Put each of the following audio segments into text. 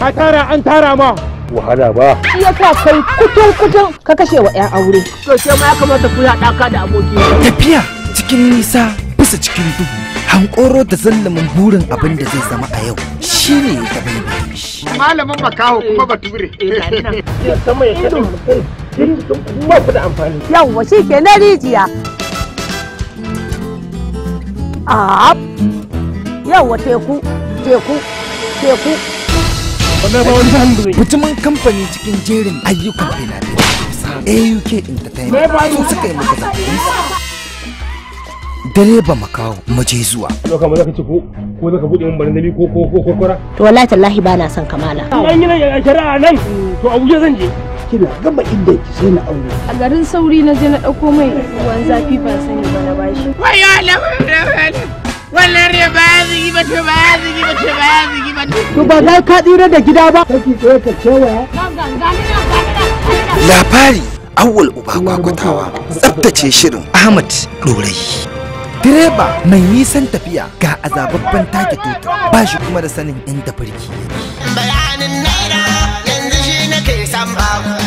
Ka tara an tara ma. Wahala ba. Shi ya sa kai kutun kutun ka kashe wa 'yan aure. To sai ma ya kamata ku ya ɗaka da aboki. Tafiya cikin nisa bisa cikin duhu. Hankoro da zallamin burin abin da zai zama a yau shi ne ya taɓa shi. Malamin makaho kuma bature. Eh, sama ya kaɗa mutum. Ba ku amfani. Yawwa shi ke na rijiya. Ah. yawa teku teku teku mutumin kamfani cikin jerin ayyukan fina-finai auk entertainment su suka yi maka zaɓi direba makawo maje zuwa. Yau kamar zaka ci ko ko zaka bude min barin dami ko ko ko kokora. To wallahi tallahi ba na son kamala. An yi nan shari'a nan to Abuja zan je. Kina gaba inda ki sai na aure. A garin sauri na je na dauko mai ruwan zafi ba sani ba na bashi. Wai ya lamu wannan riya ba ya zigi ba ce ba ya zigi ba ce ba ya zigi ba ce. To ba za ka tsira da gida ba. Kaki tsaye ka cewa. Labari Awul Uba Kwakwatawa tsabtace shirin Ahmad Dorai. Direba mai nisan tafiya ga azababban take tuta ba shi kuma da sanin inda birki. Bayanin naira yanzu shi nake san babu.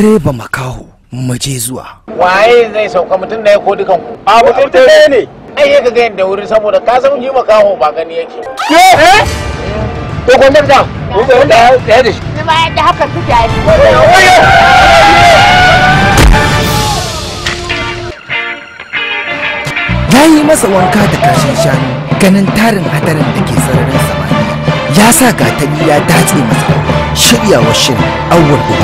direba makaho mu je zuwa waye zai sauka mutum da ya ko dukan ku a mutum ɗaya ne ai ya ga da wuri saboda ka san yi makaho ba gani yake ke eh, eh? to gonda da gonda da da shi ni ba yadda haka suke ya yi masa wanka da kashin shanu ganin tarin hadarin da ke sararin samaniya ya sa gatani ya datse masa wa shirin awwal uba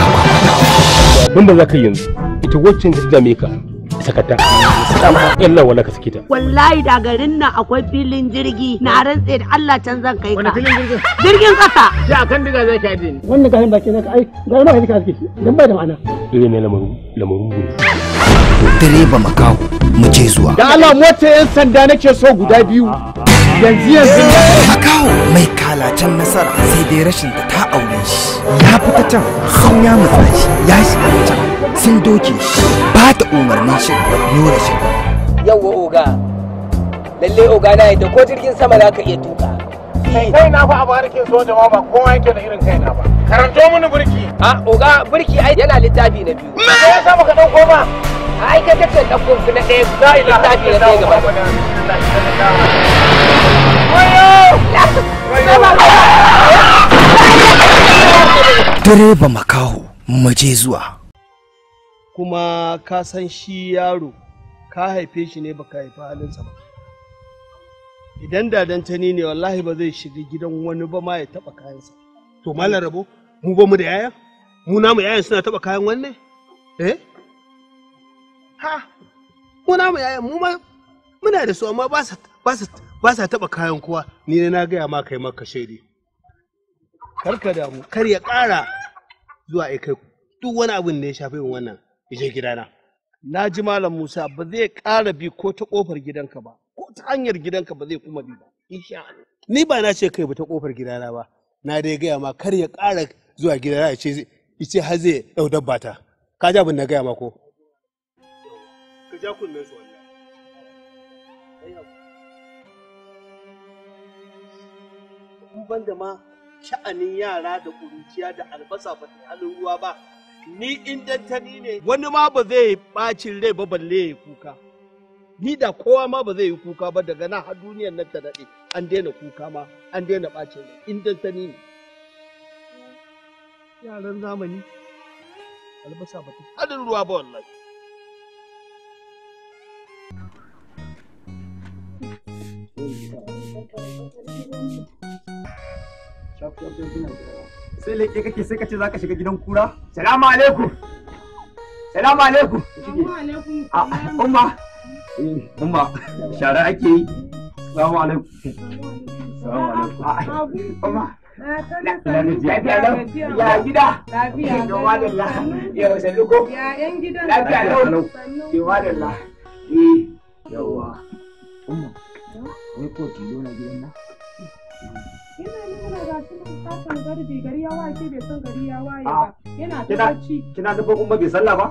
abin da za ka yanzu ita wacce ta dame ka sakata Allah wala ka ta. wallahi da garin nan akwai filin jirgi na rantse da Allah can zan kai ka jirgin kasa y'a kan diga zai kai din wannan garin baki na ai garin ba ka aski dan bai da ma'ana Dole ne lamarin lamarin direba makaho mu je zuwa da Allah mota yan sanda nake so guda biyu yanzu yanzu kawo. mai kalacen nasara sai dai rashin da ta aure shi ya fita can sun ya mutsa shi ya shiga can sun doke shi ba ta umarnin shi nura shi yawwa oga lalle oga na yadda ko jirgin sama za ka iya tuka kai na fa a barikin soja ma ba kowa yake da irin kai na ba karanto mini burki a oga burki ai yana littafi na biyu me yasa baka dauko ba ai ka kace ɗauko su na ɗaya na ila ta ce na ɗaya gaba Direba makaho maje zuwa. Kuma ka san shi yaro ka haife shi ne baka haifi halinsa ba. Idan dadantani ne wallahi ba zai shiga gidan wani ba ma ya taɓa kayansa. To malam rabo mu ba mu da yaya? Mu na mu yayan suna taɓa kayan wanne Eh? ha mu namu yayan mu ma muna da su amma ba sa ba sa ba sa taba kayan kowa ni ne na gaya ma kai maka shaidi ka damu kar ya ƙara zuwa ai kai duk wani abin da ya shafi yin wannan je gidana na ji malam Musa ba zai ƙara bi ko ta ƙofar gidanka ba ko ta hanyar gidanka ba zai kuma bi ba insha Allah ni ba na ce kai ba ta ƙofar gidana ba na dai gaya ma kar ya ƙara zuwa gidana ya ce har zai ɗau dabba ta ka ji abin na gaya ma ko ja ban da sha'anin yara da ƙuruciya da albasa ba ta halin ruwa ba, ni in dantani ne. Wani ma ba zai ɓacin rai ba balle ya yi kuka. Ni da kowa ma ba zai yi kuka ba daga na har duniyar nan ta daɗe an daina kuka ma an daina ɓacin rai in dantani ne. Yaran zamani albasa ba ta halin ruwa ba wallahi. sai leƙe kake sai kace zaka shiga gidan kura salamu alaikum salamu alaikum ah, umma eh, umma shara ake yi salamu alaikum salamu alaikum ah, umma Ya gida. Lafiya. da la. Ya yan gidan. Lafiya lau. Yawa da la. Yawa. wai ko tilo na gidan nan ga shi kasan garbi gari ya waye bai san gari ya waye ba ah, yana ta kina da bai sallah ba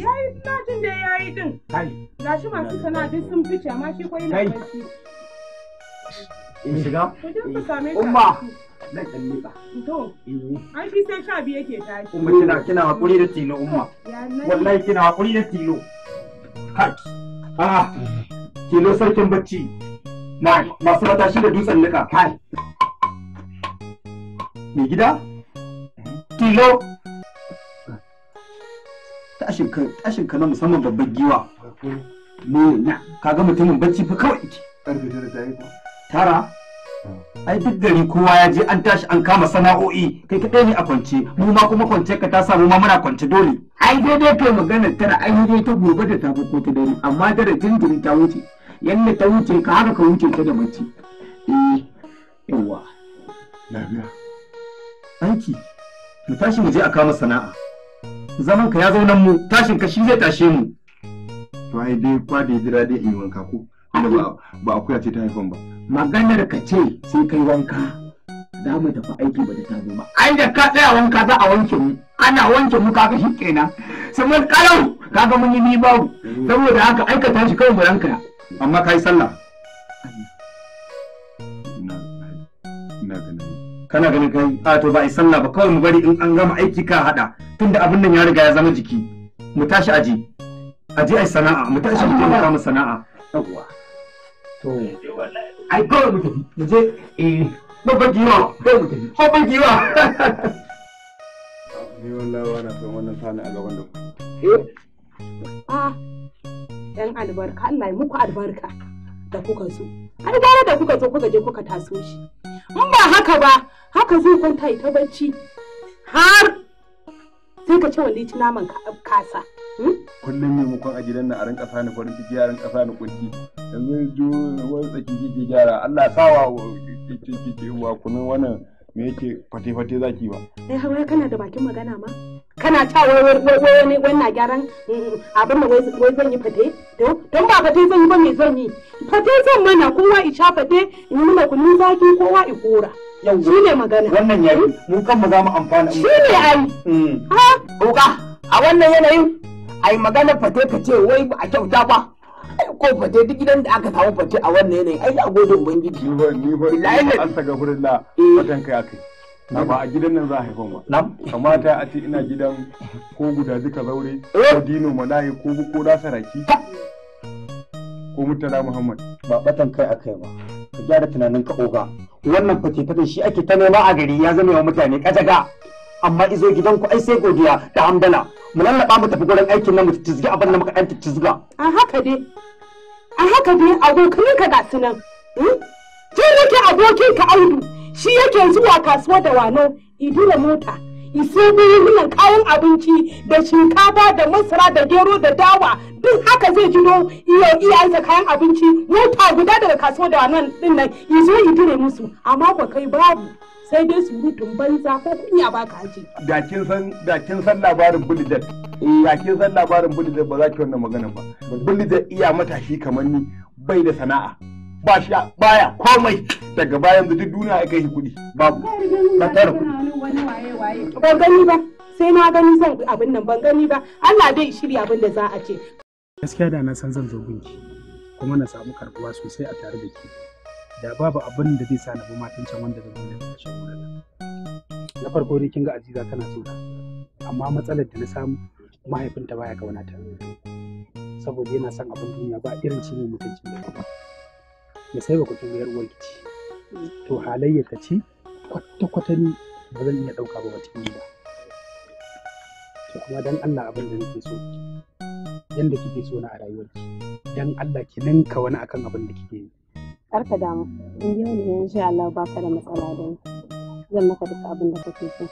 yayi na da yayi din kai gashi masu sana duk sun fice amma shi ko yana barci. in shiga eh. umma na kalli ba to eh. sai sha biye ke tashi umma kina kina hakuri da tilo umma wallahi kina hakuri da tilo kai ah kilo sarkin bacci na masu matashi da dutsen nika kai mai gida kilo tashin ka na musamman babban giwa na kaga mutumin bacci fa kawai tara ai duk gari kowa ya je an tashi an kama sana'o'i kai kaɗai ne a kwance mu ma kuma kwance ka ta samu ma muna kwance dole ai daidai kai magana tara ai dai ta gobe da tafi ko ta dare amma dare jinjirin ta wuce yadda ta wuce ka haka ka wuce ta da mace eh yawa aiki mu tashi mu je a kama sana'a zaman ka ya zaunan mu tashin ka shi zai tashe mu to ai dai kwa da jira dai yi wanka ko ba akuya ce ta haifan ba maganar ka ce sai kai wanka za mu tafi aiki ba da ta ba ai da ka tsaya wanka za a wanke mu ana wanke mu kaga shi kenan sai mun kalau kaga mun yi ni babu saboda haka aikata shi kawai buran ka amma kai sallah kana ganin kai a to ba a yi sallah ba kawai mu bari in an gama aiki ka haɗa. tunda abin nan ya riga ya zama jiki mu tashi aji aji ai sana'a mu tashi mu taimaka mu sana'a yawwa to ai kawai mu tafi mu je eh babban giwa sai mu tafi babban ni wallahi ba na son wannan sani a gaban da ku eh a ah, yan albarka Allah ya muku albarka da kuka zo har gara da kuka zo kuka je kuka taso shi in ba haka ba haka zai kwanta ta bacci har sai ka ce wani ci naman kasa hmm? kullum ne mukon a gidan nan, a rinka sani farin ciki a rinka sani kunci yanzu wani tsaki kike gyara Allah sawa ki ba kunan wannan me yake fate-fate zaki ba. Ai eh, hawa kana da bakin magana ma? Kana ta wani wannan gyaran eh, abin da wai zan yi fate? Don ba fate zan yi ba me zan yi? Fate zan mana kowa i sha fate in yi mai kunun zaki kowa i kora. Shi ne magana. Wannan ya yi mu kan mu za mu amfana. Shi ne ai. Hmm. Ha? Kuka a wannan yanayin ai magana fate ka wai ba a kyauta ba. ai ko fate duk gidan da aka samu fate a wannan yanayin ai a gode ubangiji ni bar ni bar an saka furilla eh. fatan kai akai na ba a gidan nan za a haifan ba kamata a ce ina gidan ko guda duka zaure eh. ko dino malayi ko ko da saraki ko mutala muhammad ba batan kai akai ba ka gyara tunanin ka oga wannan fate fate shi ake ta noma a gari ya zama wa mutane kajaga amma izo gidanku ai sai godiya da hamdala mu lallaba mu tafi gurin aikin nan mu tizgi abin da muka dan tizga a haka dai a haka dai abokin ka ga sunan tun hmm? yake abokin ka audu shi yake zuwa kasuwa da wano idura mota iso buhunan kayan abinci da shinkafa da masara da gero da dawa duk haka zai jiro iya iyayensa kayan abinci mota guda daga kasuwa da wannan din nan izo idure musu amma ba kai babu sai dai surutun banza ko kunya ba baka aje. Da kin san da kin san labarin Bulidat. Eh. Da kin san labarin Bulidat ba za ki wannan maganar ba. Bulidat iya matashi kamar ni bai da sana'a. Ba shi baya komai daga bayan da duk duniya ya kai shi kuɗi babu. Ba tara kuɗi. Ba gani ba. Sai na gani zan abin nan ban gani ba. Allah dai shirya abin da za a ce. Gaskiya da na san zan zo gunki kuma na samu karbuwa sosai a tare da ke. da babu abin da zai sa na bi matan can wanda zan yi da shan na farko ne kin ga aziza tana so amma matsalar da na samu mahaifinta baya kauna ta saboda yana son abin duniya ba irin shi ne mutunci da ya sai ba kuɗin yar uwar to halayya ta ce kwata-kwata ni ba zan iya ɗauka ba wata ba kuma dan Allah abin da nake so yanda kike so na a rayuwarki dan Allah ki ninka wani akan abin da kike yi karka damu in dai wani sha Allah ba ka da matsala da ni zan maka duk abin da kake so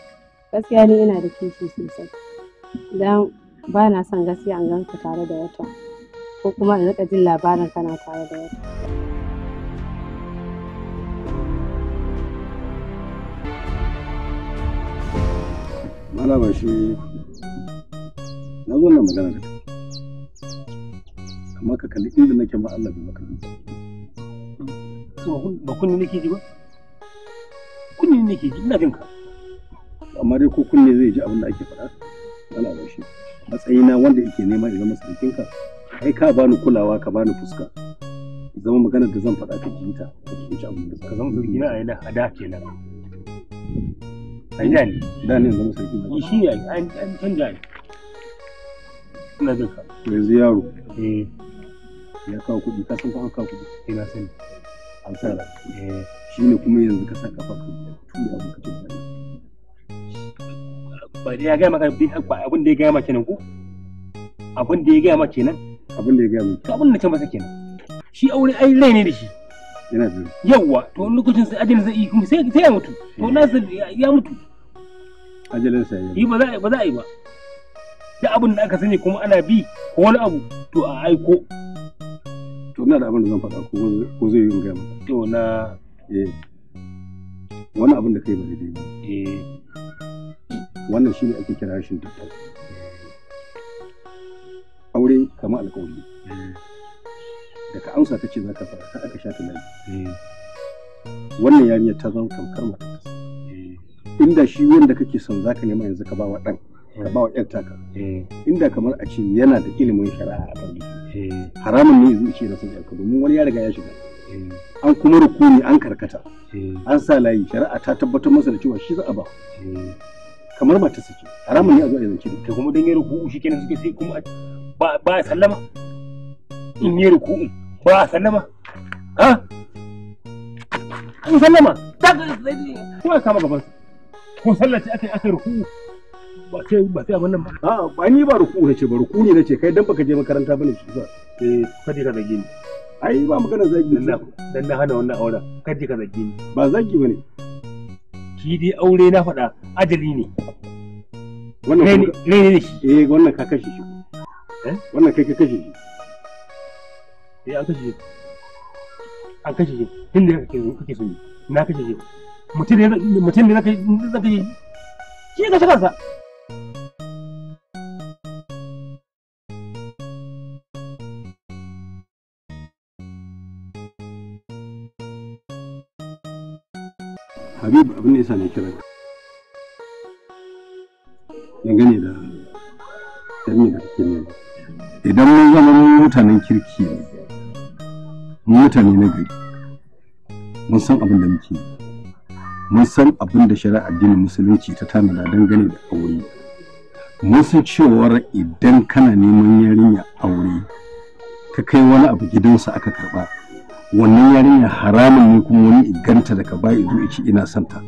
gaskiya ni ina da kishi sosai dan ba na son gaskiya an ganka tare da wata ko kuma in rika jin labarin kana tare da wata Malama shi na zo na magana da kamar ka kalli inda nake ma Allah bai maka ba kunni nake ji ba kunni nake ji ina jin ka amma dai ko kunni zai ji abin da ake faɗa ana ba shi matsayina wanda yake nema ina zama sarkin ka kai ka bani kulawa ka bani fuska zama maganar da zan faɗa ka ji ta ka ji abin ka zama sarki na a yana ada kenan a da ne da ne zama sarki na shi ne an canja ne ina jin ka yanzu yaro eh ya kawo kuɗi ka san ka kawo kuɗi ina eh, sani an sa eh, da shi ne kuma yanzu ka sa kafa ka tuni abu ka tuni ba dai ya gaya maka abin da ya gaya maka kenan ko abin da ya gaya maka kenan abin da ya gaya maka abin da ta masa kenan shi aure ai rai ne da shi yana biyu yawa to lokacin sai ajin zai yi kuma sai ya mutu to eh. na ya mutu ajalin sa yi ba za a yi ba da abin da aka sani kuma ana bi ko wani abu to a aiko to na da abin da zan faɗa ko zai yi in gaya maka to na eh wannan abin da kai ba daidai ba eh wannan shi ne ake kira shi tattali aure kama alƙawari da ka amsa ta ce za ka fara aka sha ta lafi eh. wannan ya ta zama kamkar ma eh. inda shi wanda kake son za ka nema yanzu ka ba wa ɗan ka ba wa ƴan taka eh. inda kamar a ce yana da ilimin shari'a a kan Eh. haramun ne zai ce rasa yarka domin wani ya riga ya shiga eh. an kuma rukuni an karkata eh. an sa layi shari'a ta tabbatar masa da cewa shi za a ba kamar mata suke haramun ne a zo a zance da kuma dan yi ruku'u shi kenan suke sai kuma ba a sallama in yi ruku'u ba a sallama ha an sallama ta ne. ko a kama gabansa ko sallaci aka yi aka ruku'u ba sai ba sai abin nan ba a ba ni ba ruku nace ba ruku ne nace kai dan baka je makaranta bane shi ba eh kadi ka zage ni ai ba magana zagi dan dan na hana wannan auren kadi ka zage ni ba zagi bane shi dai aure na faɗa ajali ne wannan ne ne shi eh wannan ka kashe shi eh wannan kai ka kashe shi eh an kashe shi an kashe shi tun da kake so na kashe shi mutum ne ne zaka yi shi ka kashe kansa habib abin da yasa ne kira dangane da ne da kake ne idan mun zama mun mutanen kirki ne, mun mutane na gari mun san abin da muke mun san abin da shari'a addinin musulunci ta tanada dangane da aure mun san cewar idan kana neman yarinya aure ka kai wani abu gidansa aka karba wannan yarinya haramun ne kuma wani iganta daga ba ido ici ina santa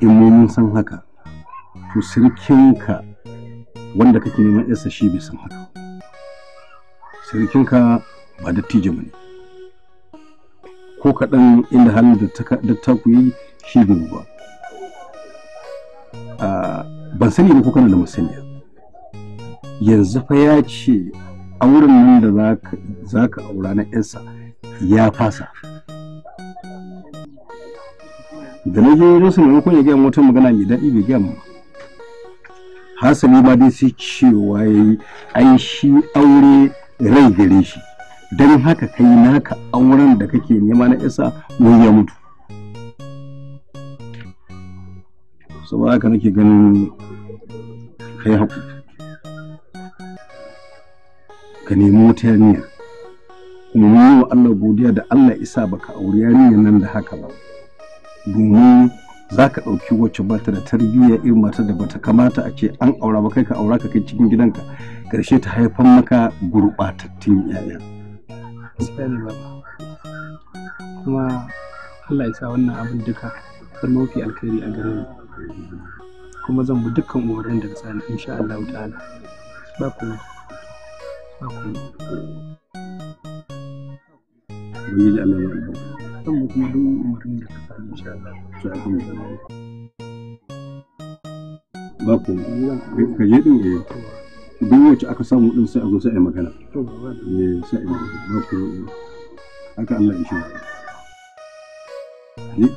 in mun san haka to sirkinka wanda kake neman yasa shi bai san haka sirkinka ba dattijo ne ko kaɗan inda halin da ta ku yi shi bai ba ban sani ba ko kana da masaniya yanzu fa ya ce auren nan da za ka aura na 'yansa ya fasa da na je wajensu maimakon ya gaya mutum magana mai daɗi bai gaya ba hasali ba dai sai cewa ya yi ai shi aure rai gare shi don haka kai naka auren da kake nema na isa wai ya mutu saboda haka nake ganin kai haku ka nemi wata yarinya domin yi wa Allah godiya da Allah isa baka auri yarinyar nan da haka ba domin za ka ɗauki wacce ba ta da tarbiyya irin mata da bata kamata a ce an aura ba kai ka aura ka kai cikin gidanka ƙarshe ta haifan maka gurɓatattun 'ya'ya. kuma Allah ya sa wannan abin duka zan mafi alkhairi a gare ni kuma zan bi dukkan umarnin da tsani insha Allah ta'ala ba ku ba ku. ubangiji Allah ya albarka kuma duk umarni da ka sani insha Allah to alhamdulillah ba ku ka je din eh duk wacce aka samu din sai a zo sai a magana to ba eh, sai a magana ba ku haka Allah ya shi ni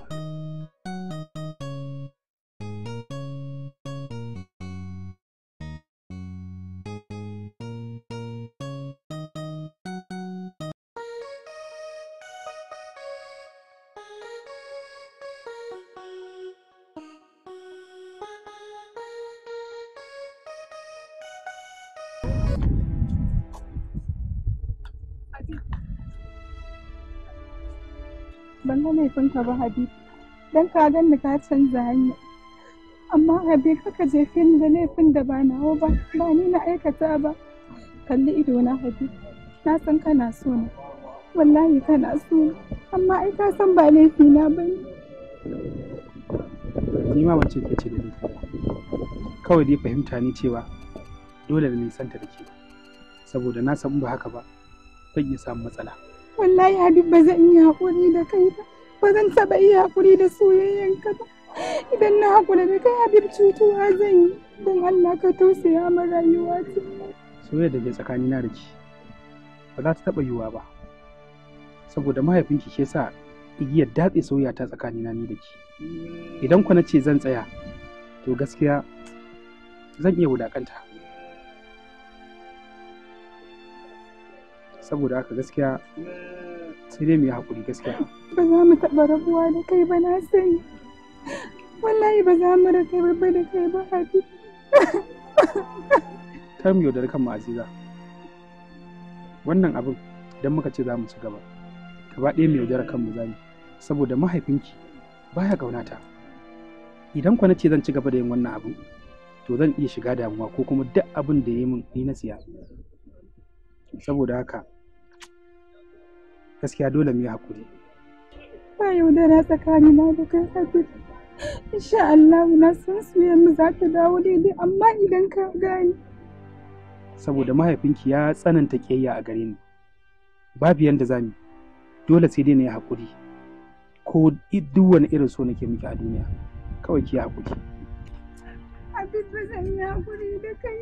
ban ga laifinka ba habib dan ka ka canza hanya amma habib kaka je ni da laifin da ba nawa ba ba ni na aikata ba kalli ido na habib na san kana so na wallahi kana so amma ai ka san ba laifi na ba ni ma ce da ni kawai dai fahimta ni cewa dole da nisanta da ke saboda na san ba haka ba zan iya samu matsala wallahi habib ba zan yi haƙuri da kai ba ba zan taɓa iya haƙuri da ka ba idan na haƙura da kai habib cutuwa zan yi don allah ka tausaya ma rayuwa ta soyayya da ke tsakani na da ba za ta taɓa yiwuwa ba saboda mahaifinki ke sa igiyar datse soyayya ta tsakani na ni da ki idan ku na ce zan tsaya to gaskiya zan iya wulakanta saboda haka gaskiya sai dai mu yi haƙuri gaskiya ba za mu taɓa rabuwa da kai ba na sani wallahi ba za mu raba da kai ba hafi kar mu yaudar kanmu aziza wannan abin idan muka ce za mu ci gaba gaba ɗaya mu yaudara kanmu za mu saboda mahaifinki baya ƙaunata idan kwana ce zan ci gaba da yin wannan abin to zan iya shiga damuwa ko kuma duk abin da ya yi min ni na siya saboda haka gaskiya dole mu yi hakuri ba yaudara tsakani na da kai hakuri. insha Allah na san mu za ta dawo daidai amma idan ka gani saboda mahaifinki ya tsananta kiyayya a gare ni babu yanda za mu dole sai dai na yi hakuri ko duk wani irin so nake miki a duniya kawai ki yi hakuri abin da zan yi hakuri da kai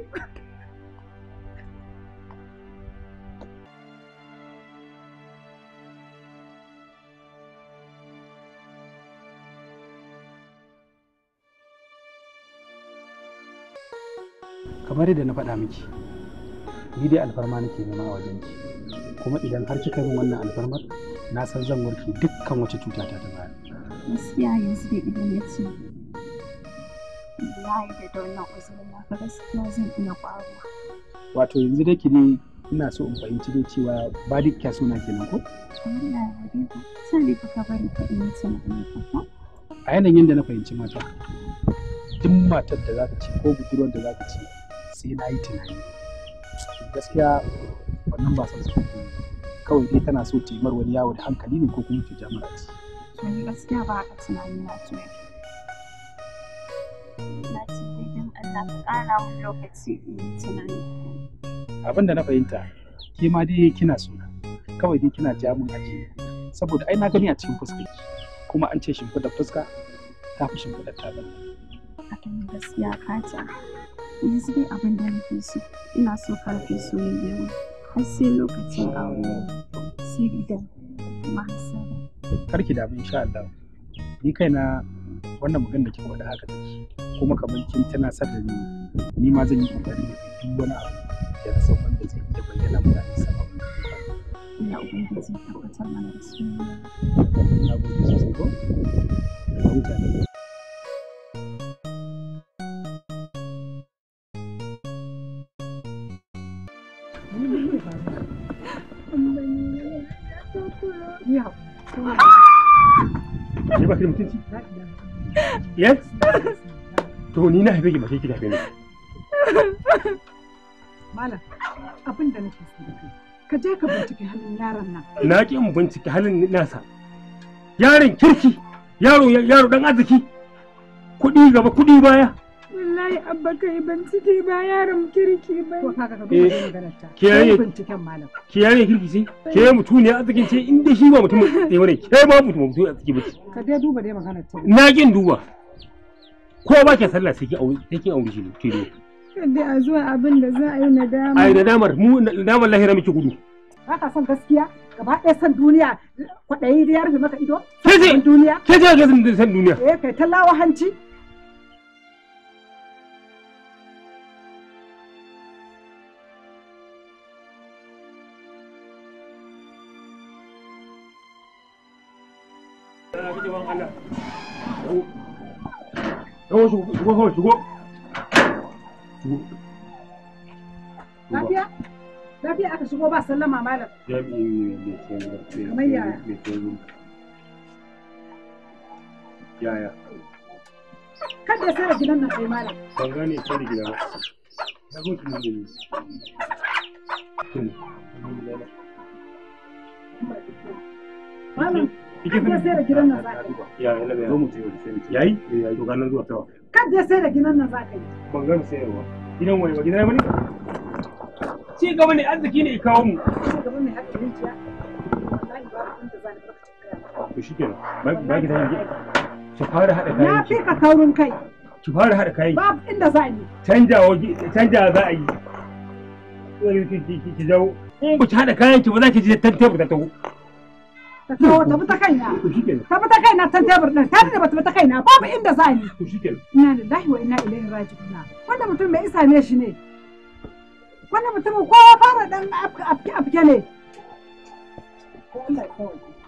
kamar yadda na faɗa miki ni dai alfarma nake nema a wajen ki kuma idan har kika min wannan alfarmar na san zan warke dukkan wace cuta ta ta baya gaskiya yanzu dai idan ya ce wallahi da da wannan uzuri na ga gaskiya zan iya ƙwaruwa wato yanzu dai ki ne ina so in fahimci dai cewa ba dukkan suna kenan ko Allah ya rabe bari ka a yanayin da na fahimci mata duk matar da za ka ce ko budurwar da za ka ce sai na yi tunani gaskiya wannan ba san su kawai dai tana so ta yi mar wani yawo da hankali ne ko kuma ta ja mara ci gaskiya ba haka tunani na tunani. na ce idan Allah ka ƙara wani lokaci in tunani abin da na fahimta ke ma dai kina suna kawai dai kina ja mun aji saboda ai na gani a cikin fuskar kuma an ce shimfiɗar fuska ta fi shimfiɗar ta gaskiya ka yanzu dai abin da rufe su ina so ka rufe su ne yawa har sai lokacin aure sai da kuma hasara karki da abin sha Allah ni kaina wannan mugan da kika wada haka take kuma kamar kin tana sar da ni ni ma zan yi kokari da duk wani abu da na saukan da zai iya bayyana mutane sama ina ubangiji tabbatar mana da su na gode sosai ko da mutane da mutunci yes to ni na haife ki mace ki haife ni malam abin da nake so ka je ka bincike halin yaron nan na ki in bincike halin nasa yaron kirki yaro yaro dan arziki kudi gaba kudi baya wallahi abba kai bincike ba yaron kirki ba ko kaga ka eh, bincike kirki ce ke mutu ne a cikin ce in dai shi ba mutum ne wane ke ba mutum mutum a cikin bace ka dai duba dai maganar ta na kin duba ko ba ke sallah sai ki aure sai ki aure shi ne ke dai a zuwa abin da za a yi nadama ai nadama mu wallahi lahira muke gudu haka san gaskiya gaba ɗaya san duniya kwaɗayi da ya rufe maka ido? Ke ce, ke ce ga san duniya. Eh, kai tallawa hanci, shigo shigo kawai shigo lafiya lafiya aka shigo ba sallama malam kamar yaya yaya kada ya sai gidan nan malam ban gane sai gida ba ya da eh, ya yayi to zuwa tawa sai da nan za ka yi. Ban gama sayarwa. Gidan waye ba gidan bane? Ci gaba ne arziki ne kawo mu. Ci gaba To ba Ki fara haɗa kayan. Na fi ka kaurin kai. Ki fara haɗa kayan. inda za a yi. Canjawa canja za a yi. Ki In ba ki haɗa kayan ki ba za ki je tantance ta tawo. ta kawo ta ta kaina Tabu ta kaina can tebur din ta da bata ta kaina babu inda za ni ina lillahi lahi wa ina ilaihi raji'un wanda mutum mai isa ne shi ne wanda mutum kowa fara dan afke afke ne ko Allah ya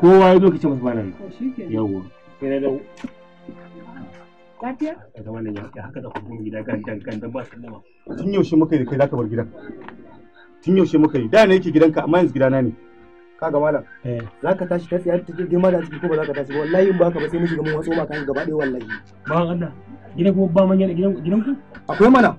kowa ya zo ka ce masa bana yawwa sai na dawo lafiya daga wannan ya haka da kudin gida gan dan gan dan ba sallama tun yaushe muka yi kai zaka bar gidan tun yaushe muka yi da ne yake gidanka amma yanzu gidana ne ka kaga malam za ka tashi ta tsayar ta je ma da ciki ko ba za ka tashi ba wallahi in baka ba sai mun shiga mun waso ma kan gaba ɗaya wallahi ba Allah gidan ko ba manya gidan gidan ku akwai mana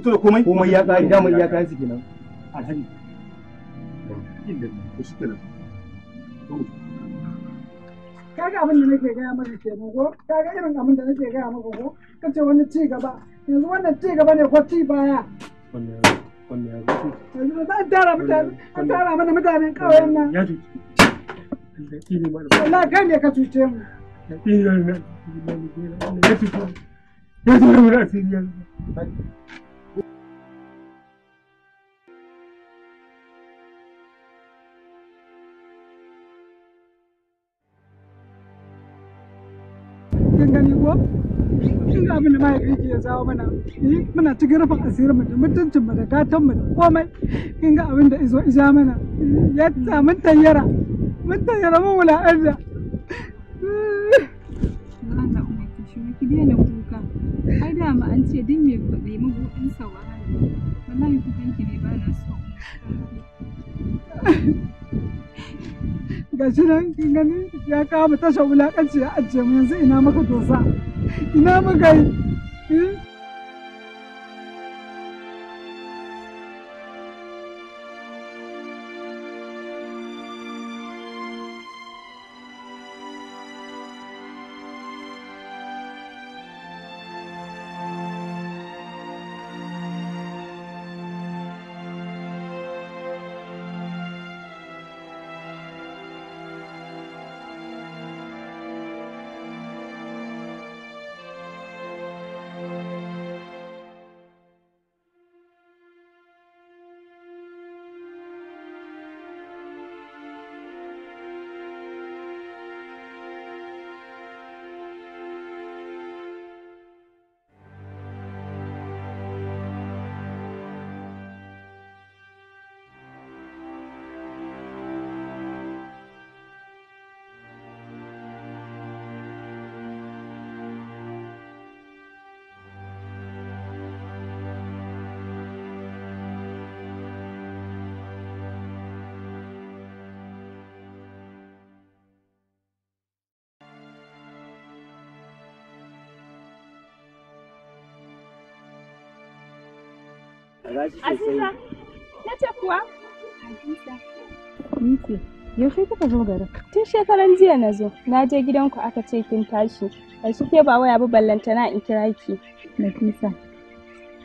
fito da komai komai ya kare dama ya su kenan alhaji kaga abin da nake gaya maka kenan ko kaga irin abin da nake gaya maka ko kace wani ci gaba yanzu wannan ci gaba ne ko ci baya wannan yanzu an tara yanzu. an tara mana mutanen ƙauyen nan ya cuce wallahi kai ne ka cuce mu ya cuce mu ya gani ko shi abin da mahaifi ya zawo mana eh muna cikin rufin asirin mu da mutuncin mu da katon mu da komai kin ga abin da izo ija mana ya ta mun tayyara mun tayyara mun wula'ar da ki daina kuka ai da ma an ce duk mai kuɗi mabuɗin saurari wallahi kukan ki ne ba na so ga shi nan gani ya kawo mu tashar wulakanci ya ajiye mu yanzu ina maka dosa ina muka yi hmm? Aziza, yaushe kuka zo garin? Tun shekaran jiya na zo, na je gidanku aka ce kin tashi, a ke ba waya ba ballantana in kira ki. Nafisa,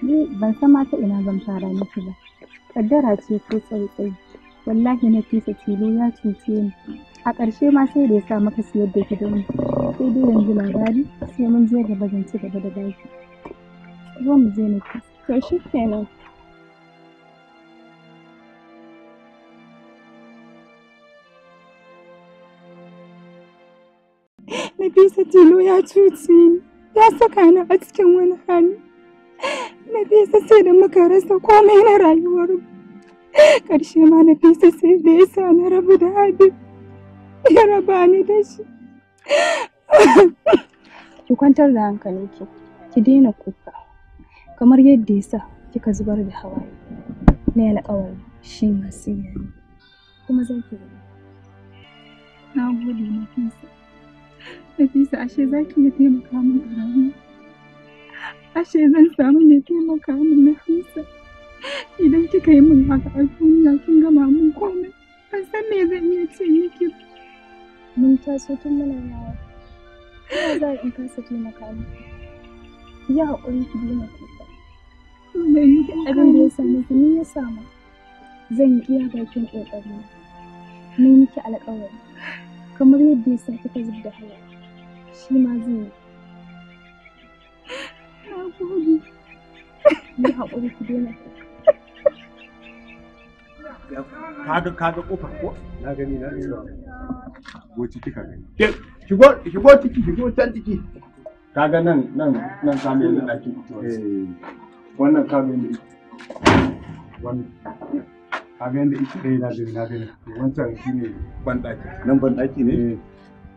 ni ban san ma ta ina zan fara miki ba. Kaddara ce ko tsautsayi. Wallahi Nafisa tilo ya cuce ni. A ƙarshe ma sai da ya sa maka siyar da gidanmu. Sai dai yanzu labari sai mun je gaba zan ci gaba da baki. Zo mu je Nafisa. To shi kenan. Tino ya cuci ni, ya saka ni a cikin wani hali. na fesa sai da muka rasa komai na rayuwar mu. Ƙarshe ma na fesa sai da ya sa na rabu da abin Ya raba ni da shi. Ki kwantar da hankalinki, ki daina kuka. Kamar yadda ya sa kika zubar da hawaye. Na yana ƙawar shi masu yi Kuma zan ki Na gode Nafisa. Nafisa ashe za ki iya taimaka min a rayuwa. Ashe zan samu ne taimaka min Nafisa. Idan kika yi min haka a duniya kin gama min komai. Ban san me zan iya ce miki ba. Mun taso tun muna yawa. Ina za in kasa taimaka miki. Ya haƙuri ki daina kuka. Abin da ya same ki ni ya samu. Zan iya bakin ƙoƙari. Mun yi ki alƙawari. kamar yadda ya sa ta zubda haya shi ma zai yi ya yi haƙuri ki daina kaga kaga kofa ko na gani na ina go ciki ka gani ke shigo shigo ciki shigo can ciki kaga nan nan nan kamin da ake eh, fitowa wannan kamin wannan ita gani na gani wancan shi ne banɗaki nan banɗaki ne eh.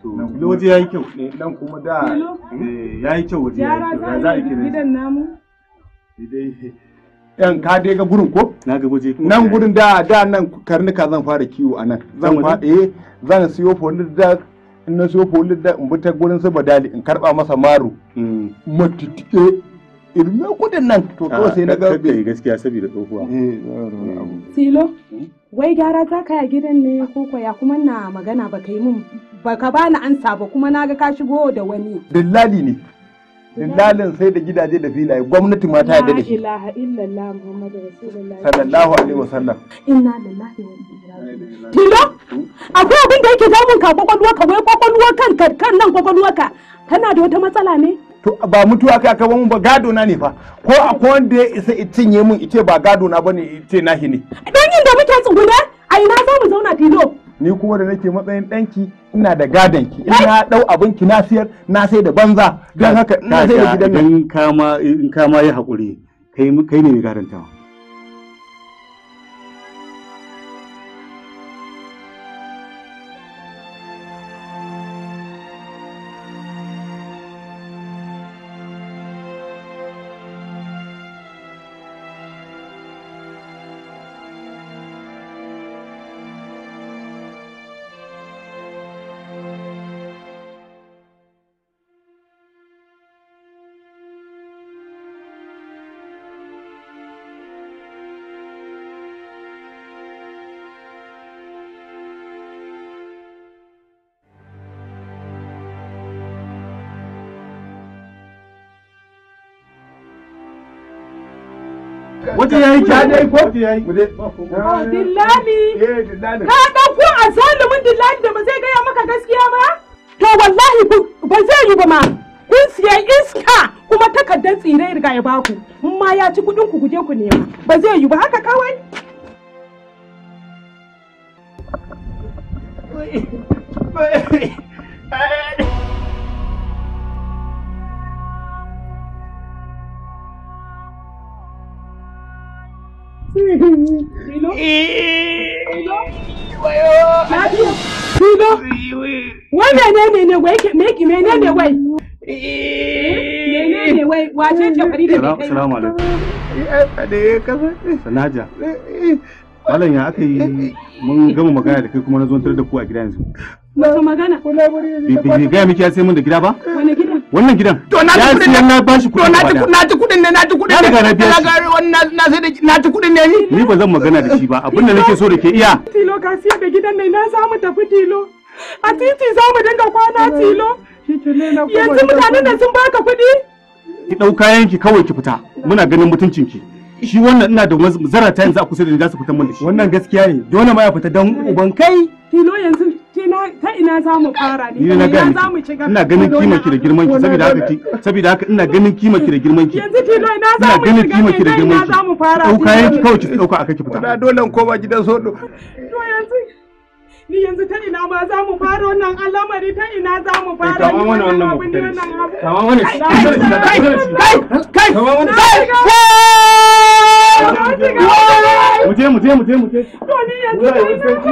to waje yayi kyau eh, nan kuma da eh, yayi kyau waje yayi kyau za a kira gidan namu yan ka dai ga gurin ko na ga waje nan gurin da da nan karnuka zan fara kiwo a nan zan fara eh zan siyo polin da in na siyo da in bi ta gurin su badali in karba masa maro mm. matitike ilme kudin nan to to sai na ga kai gaskiya saboda tsohuwa tilo eh, eh, eh. hmm? wai gyara za ka gidan ne ko ko ya kuma na magana ba kai mun ba ka bani ansa ba kuma ga ka shigo da wani dillali ne dillalin sai da gidaje da filaye gwamnati ma ta yarda da shi la ilaha illallah muhammadu rasulullahi sallallahu alaihi wasallam inna lillahi wa inna ilaihi tilo hmm? akwai abin da yake damun ka kwakwalwa ka wai kwakwalwa kan kan nan kwakwalwa ka kana da wata matsala ne to ba mutuwa kai aka mun ba gado na ne fa ko akwai wanda ya isa cinye mun ice ba gado na bane ice nahi ne dan yin da muke tsuguna a ina za mu zauna tilo ni kuma da nake matsayin danki ina da gadon ki ina dau abin ki na siyar na sai da banza dan haka na sai da gidan nan in kama in kama yi hakuri kai kai ne mai garantawa Waje ya yi kyau. Ya yi Ya yi. Dillali. Ka ɗauko a zalumin da ba zai gaya maka gaskiya ba? To wallahi ba zai yi ba ma. Kun siya iska kuma takardar tsire riga ya baku. In ma ya ci kuɗin ku guje ku nema. Ba zai yi ba haka kawai. Wait. Filo? Filo? ne Wai menene ne wai meki menene wai? ne wai wace ce fari da Assalamu alaikum. Sanaja. Malam ya aka mun gama magana da kai kuma na zontar da ku a gida yanzu. Wata magana? Bai gaya miki ya sai mun da gida ba? Wani gida? wannan gidan to na ji kudin na ba shi kudin na na ji kudin ne na ji kudin ne na ga wannan na sai da na ji kudin ne ni ba zan magana da shi ba abin da nake so da ke iya tilo ka siya da gidan ne na samu tafi tilo a titi za mu dinga kwana tilo yanzu mutanen da sun baka kudi ki dau kayan ki kawai ki fita muna ganin mutuncin ki shi wannan ina da zarata yanzu a kusa da ni za su fitan mun da shi wannan gaskiya ne dole ma ya fita dan uban kai tilo yanzu ta ina za mu fara ne ina za mu shiga ina ganin kimar ki da girman ki saboda haka ki saboda haka ina ganin kimar ki da girman ki yanzu tilo ina za mu ganin kimar ki da girman ki dauka yanki kawai ki dauka aka ki fita na dole in koma gidan sodo to yanzu ni yanzu ta ina ma za mu fara wannan al'amari ta ina za mu eh, fara kama wani wannan mu kai kama wani kai kai kama wani kai mu je mu je mu je mu je to ni yanzu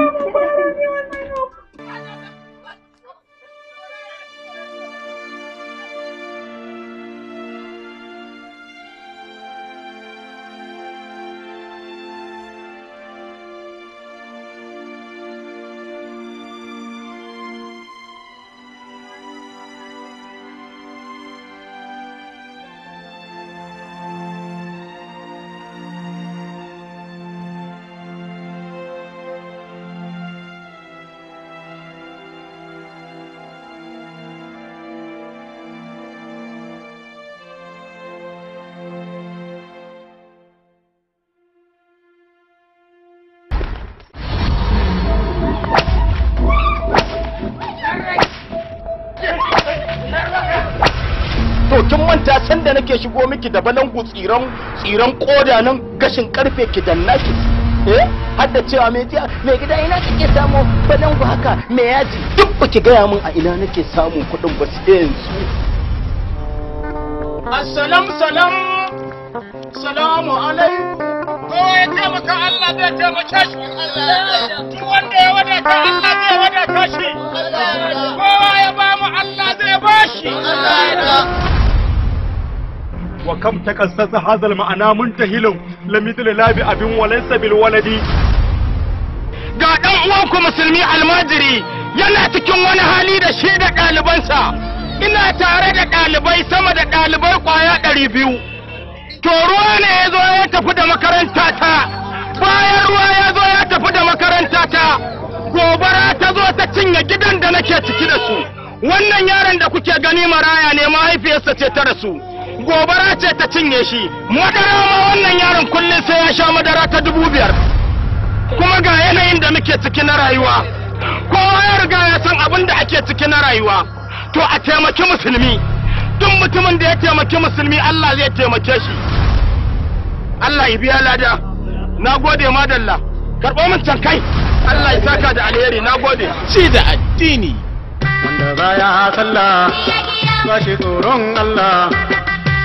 zai shigo miki da balangu tsiran tsiran koda nan gashin karfe ki danna ki eh har da cewa me tiya me gida ina kike samu balangu haka me yaji duk baki gaya min a ina nake samun kuɗin ba su yanzu assalamu salam salamu alaikum ko ya taimaka Allah zai taimaka shi duk wanda ya wadata Allah zai wadata shi kowa ya ba mu Allah zai ba shi wa kam takassasa hazal ma'ana muntahilun lamithli labi abin walaysa bil waladi ga dan uwanku musulmi almajiri yana cikin wani hali da shi da ɗalibansa ina tare da ɗalibai sama da ɗalibai kwaya ɗari biyu to ruwa ne ya zo ya tafi da makaranta ta bayan ruwa ya zo ya tafi da makaranta ta gobara ta zo ta cinye gidan da nake ciki da su wannan yaron da kuke gani maraya ne mahaifiyarsa ce ta rasu gobara ce ta cinye shi madara ma wannan yaron kullum sai ya sha madara ta dubu biyar kuma ga yanayin da muke ciki na rayuwa kowa ya riga ya san abin da ake ciki na rayuwa to a taimaki musulmi duk mutumin da ya taimaki musulmi Allah zai taimake shi Allah ya biya lada na gode madalla karɓo min can Allah ya saka da alheri na gode ci da addini wanda baya sallah ba shi tsoron Allah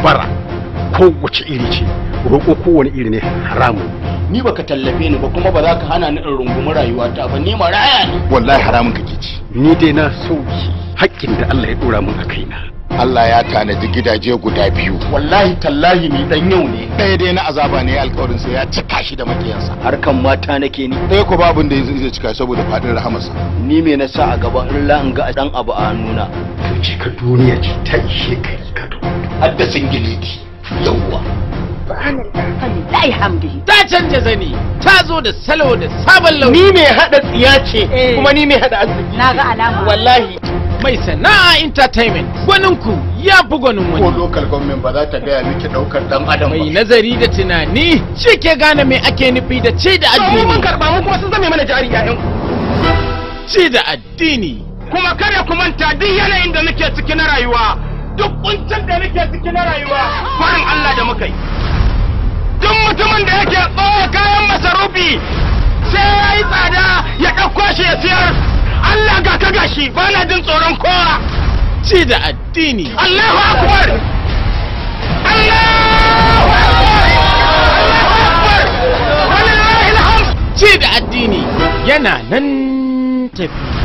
bara wace iri ce roƙo kowane iri ne haramun ni baka tallafe ni ba kuma ba za ka hana ni in rayuwa ta ba ni maraya ne wallahi haramun kake ci ni dai na sauki haƙƙin da Allah ya dora mun a kaina Allah ya tanadi gidaje guda biyu wallahi tallahi ni dan yau ne ɗaya dai na azaba ne alƙawarin sa ya cika shi da makiyansa harkan mata nake ni ɗaya ko babun da yanzu zai cika saboda fadin rahamarsa ni me na sa a gaba in in ga dan abu a hannuna to ka duniya ce ta ishe kai haddasin girki yawwa Alhamdulillahi hamdihi. Ta canja zani, ta zo da salo da sabon launi. Ni mai haɗa tsiya ce, kuma ni mai haɗa arziki. Na ga alama. Wallahi. Mai sana'a entertainment, gwaninku ya fi gwanin wani. Ko local government ba za ta gaya miki ɗaukar dan adam Mai nazari da tunani, shi ke gane me ake nufi da ce da addini. Mun karɓa mu kuma sun zame mana jari ƴaƴanku. Ce da addini. Kuma kare ku manta duk yanayin da muke ciki na rayuwa. duk kuncin da nake ciki na rayuwa farin Allah da muka yi duk mutumin da yake tsawo kayan masarufi sai ya yi tsada ya ɗauko shi ya siyar Allah ga ka gashi ba na jin tsoron kowa ci da addini Allahu akbar Allahu akbar Allahu akbar Allahu akbar ci da addini yana nan tafiya